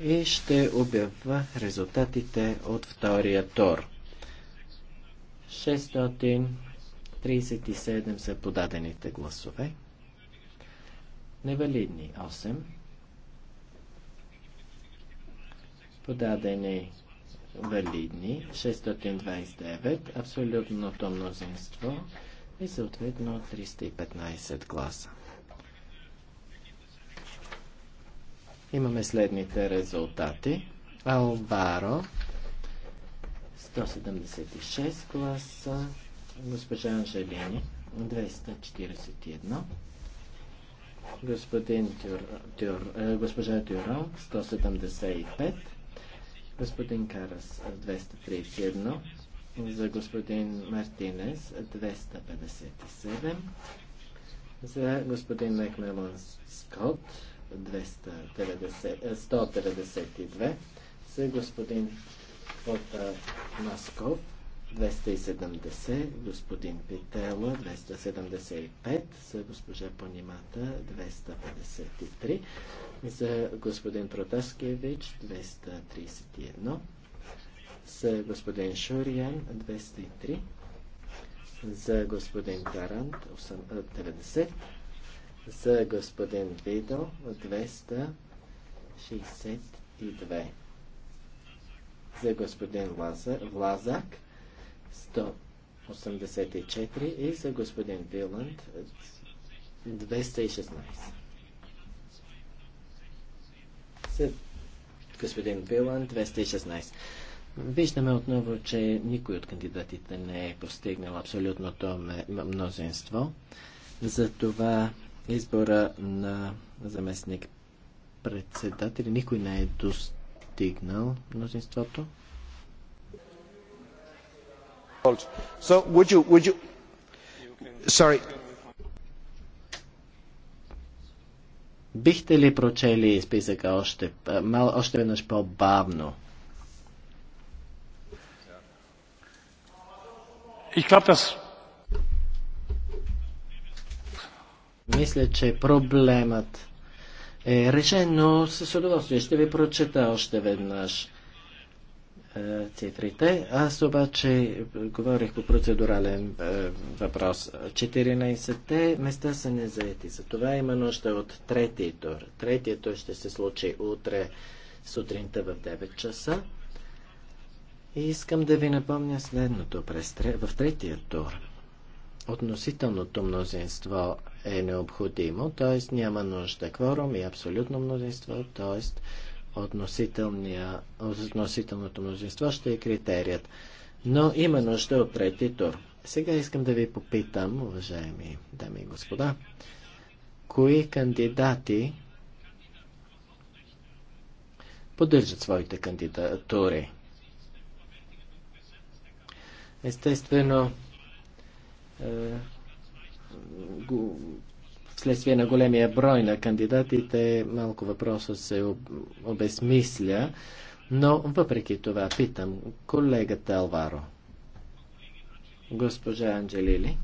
и ще обявя резултатите от втория тур. 637 са подадените гласове, невалидни 8, подадени валидни 629, абсолютното мнозинство и съответно 315 гласа. Имаме следните резултати. Албаро 176 гласа, госпожа Анжелини 241, господин Тюр, Тюр, э, госпожа Тюрон 175, господин Карас 231, за господин Мартинес 257, за господин Мекмелон Скот 290, 192 за господин от Масков 270, господин Петела 275, за госпожа Понимата 253, за господин Протаскевич 231, за господин Шуриян, 203, за господин Тарант 90, за господин Видо 262. За господин Лаза, Влазак 184 и за господин Виланд 216. господин Виланд 216. Виждаме отново, че никой от кандидатите не е постигнал абсолютното мнозинство. Затова избора на заместник председатели. Никой не е достигнал мнозинството. So, would you, would you... Sorry. Бихте ли прочели списъка още, мал, още веднъж по-бавно? Ich glaube, das Мисля, че проблемът е решен, но с удоволствие ще ви прочета още веднъж е, цифрите. Аз обаче говорих по процедурален е, въпрос. 14-те места са незаети. За това има нужда от третия тур. Третия тур ще се случи утре сутринта в 9 часа. И искам да ви напомня следното. През, в третия тур относителното мнозинство е необходимо, т.е. няма нужда кворум и абсолютно мнозинство, т.е. относителното мнозинство ще е критерият. Но има нужда от трети тур. Сега искам да ви попитам, уважаеми дами и господа, кои кандидати поддържат своите кандидатури. Естествено, е, вследствие на големия брой на кандидатите, малко въпроса се обезмисля, но въпреки това питам колегата Алваро. Госпожа Анджелили,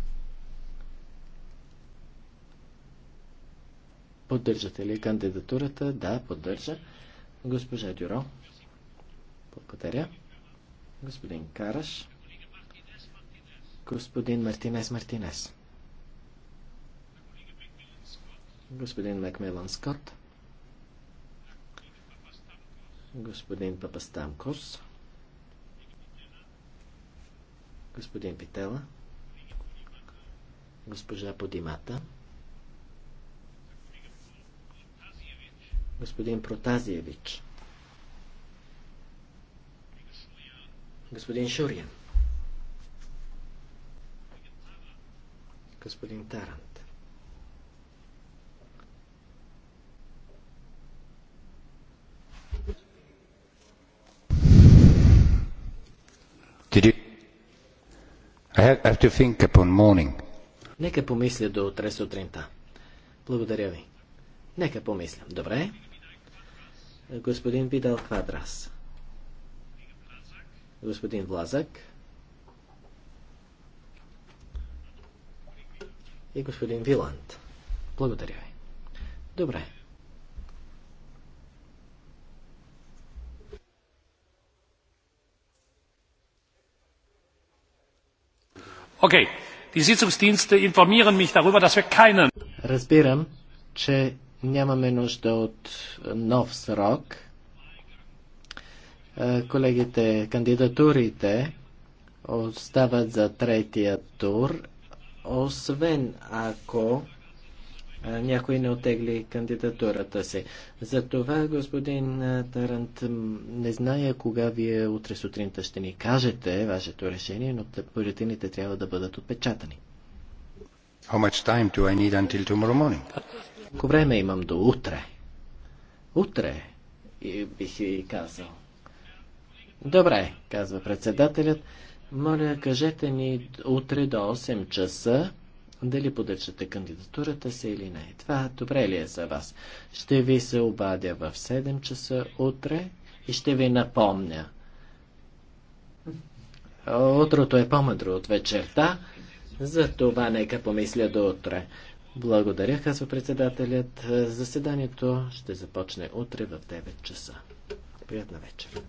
поддържате ли кандидатурата? Да, поддържа. Госпожа Дюро, благодаря. Господин Караш. Господин Мартинес Мартинес. Господин Макмелан Скотт. Господин Папастамкос. Господин Питела. Госпожа Подимата. господин Протазиевич, господин Шурян. господин Тарант. Did you... I have, to think upon morning. Нека помисля до утре сутринта. Благодаря ви. Нека помисля. Добре? Господин Видал Квадрас. Господин Влазък. и господин Виланд. Благодаря ви. Добре. Okay. Die Sitzungsdienste informieren mich darüber, dass wir keinen. Разбирам, че нямаме нужда от е, нов срок. Е, колегите, кандидатурите остават за третия тур освен ако някой не отегли кандидатурата си. Затова, господин Тарант, не зная кога вие утре сутринта ще ни кажете вашето решение, но бюлетините трябва да бъдат отпечатани. How much time do I need until tomorrow morning? Колко време имам до утре? Утре, бих и казал. Добре, казва председателят. Моля, кажете ни утре до 8 часа дали поддържате кандидатурата си или не. Това добре ли е за вас? Ще ви се обадя в 7 часа утре и ще ви напомня. Утрото е по-мъдро от вечерта, за това нека помисля до утре. Благодаря, казва председателят. Заседанието ще започне утре в 9 часа. Приятна вечер.